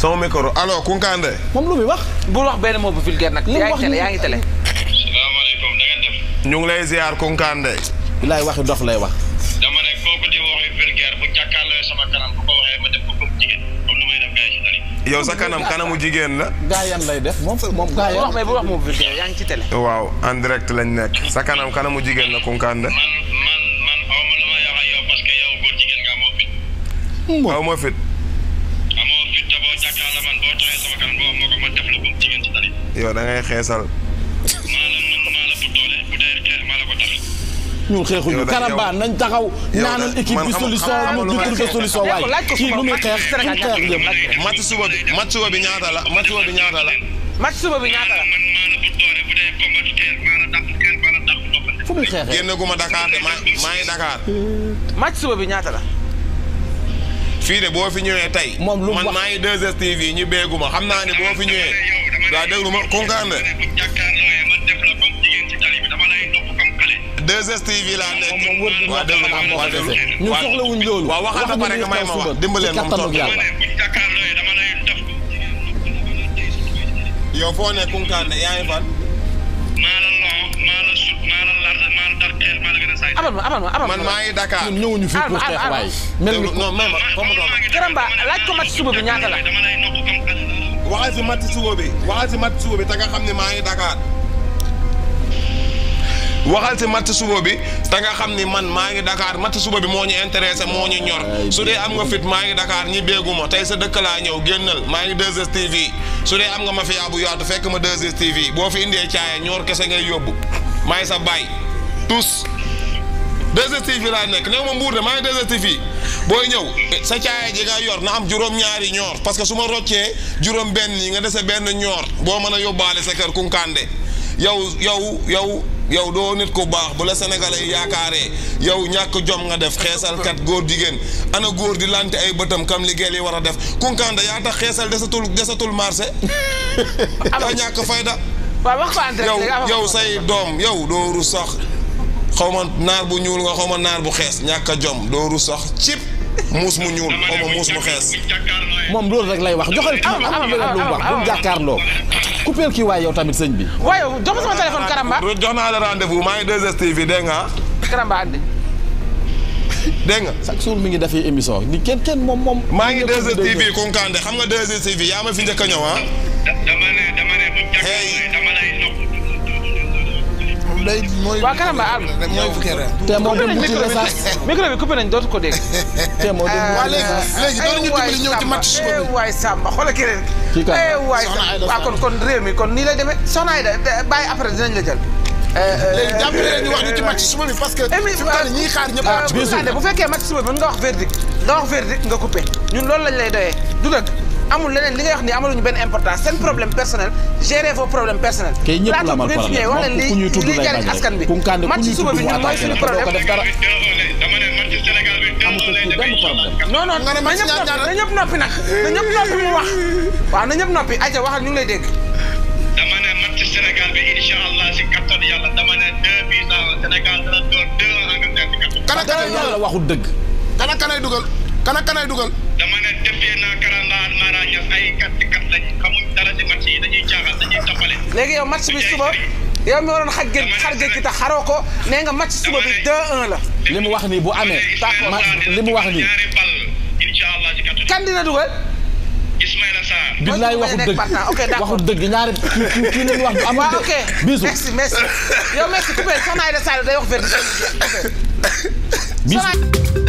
sama micro allo Kounkandé. moom lu muy wax. bul wax benn mot bu vulgaire nag. yaa ngi tele yaa ngi tele. salaamaaleykum da ngeen def. ñu ngi lay ziar Kounkandé. bilaay waxi dof lay wax. dama ne kooku di wax vulgaire bu jàkkaarloo sama kanam bu ko waxee ma def ko comme jigéen comme ni may def gars yi si tali. yow sa kanam kanamu jigéen la. gaa yan lay def moom moom gaa yan. wax mais bu wax moom vulgaire yaa ngi ci tele. waaw en direct lañ nekk. sa kanam kanamu jigéen la Kounkandé. man man man aw ma lu ma yàq ak yow parce que yow góor jigéen nga amoo fit. aw ma fit. ma def la comme jigéen ci tali. yow da xeesal. maa la ñu xeexuñu nañ taxaw ñaanal équipe bi solution amul suba bi match suba bi ñaata la match suba bi ñaata la. match suba xeexee génn gu ma Dakar de maa ngi Dakar. match suba bi ñaata la. fii de boo fi ñëwee tey. moom lu man maa ngi 2STV ñu beegu ma xam naa ne boo fi ñëwee. waaw déglu ma comprendre. 2STV laa nekk. waaw déglu ma waaw déglu ñu soxla wuñ loolu. waaw waxal na pare nga may ma wax dimbaleen moom tontu yow foo ne Koungheul yaa ngi abal ma abal ma abal ma man maa ngi Dakar ñun ñëwuñu fi pour xeex waay mel ni non même comme bi ñaata la waxal si bi waxal si match suba bi te nga xam maa ngi Dakar waxal si matt suba bi te nga xam ni man maa ngi dakaar mat suba bi moo ñu intéressé moo ñu ñor su dee am nga fit maa ngi dakaar ñi béeguma tey sa dëkk laa ñëw génnal maa ngi 2STV su dee am nga ma fi yaa bu yaatu fekk ma 2STV boo fi indee caaya ñor kese ngay yóbbu maa ngi sa baay tous 2STV laa nekk néew ma mbuur de maa ngi 2STV booy ñëw eh, sa caaya ji nga yor na am juróom-ñaari ñoor parce que su ma roccee juróom-benn nii nga dese benn ñoor boo mën a yóbbaale sa kër kunkande yow yow yow yow doo ku baax bu la sénégalais yi yow ñàkk jom nga def xeesalkat góor jigéen ana góor di lante ay bëtam liggéey li war a def kunkande yaa tax xeesal desatul desatul marché. am ñàkk fayda. yow yow say doom yow doo rus sax. xaw ma naar bu ñuul nga xaw ma naar bu xees ñàkk a jom dooru sax cib muus mu ñuul xaw muus mu xees. moom loolu rek lay wax joxal kii jàkkaarloo. coupeel kii waaye yow tamit sëñ bi. waaye jox ma sama téléphone Karamba. jox naa la rendez-vous maa ngi 2STV dégg nga. Karamba andi. dégg nga. chaque jour mi ngi defee émission ni kenn kenn moom moom. maa ngi 2STV Kunkande xam nga 2STV yaa ma fi njëkk a day mooy. waaw kanam la moo dem buti ba micro bi coupé nañ dootu ko dégg. te moo buti resaas léegi ah, ah, doon ñu eh, dimbali ñëw ci match suba bi. Eh, waay Samba xoolal keneen. kii kan eh, waay Samba kon kon kon nii lay demee soxna Ayda bàyyi après dinañ la jël. léegi jàppale leen ñu wax ñu parce que. fi mu toll ñiy xaar ñëpp. Ah, bu fekkee match suba bi mën nga wax verdict lay doyee du dëgg amul leneen li ngay wax ni amaluñu benn importance seen problème personnel gérez vos problèmes personnels. kay ñëpp la amal problème wax leen li li jariñ askan bi. man ci suba bi ñun mooy suñu problème. non non na ñëpp noppi nag na ñëpp noppi mu wax waaw na ñëpp noppi aja waxal ñu ngi lay dégg. dama ne man ci Sénégal bi incha allah si kattan yàlla dama ne deux mille ans Sénégal dana door deux ans Angleterre si kattan. kana kana yàlla waxul dëgg. kana kanay dugal kana kanay dugal. dama ne defee naa karandaan ñas ay kat léegi yow match bi suba yow mi waroon xaj gën xar gën tax xaroo ko nee nga match suba bi 2-1 la. li mu wax ni bu amee. li mu wax nii. kan dina dugal. Ismaïla Sarr. billaay waxul dëgg ok d'accord waxul dëgg ñaari kii kii la ñu wax. amul dëgg ok bisu merci merci yow merci coupé soxna Aïda Sall day wax verdi. bisu.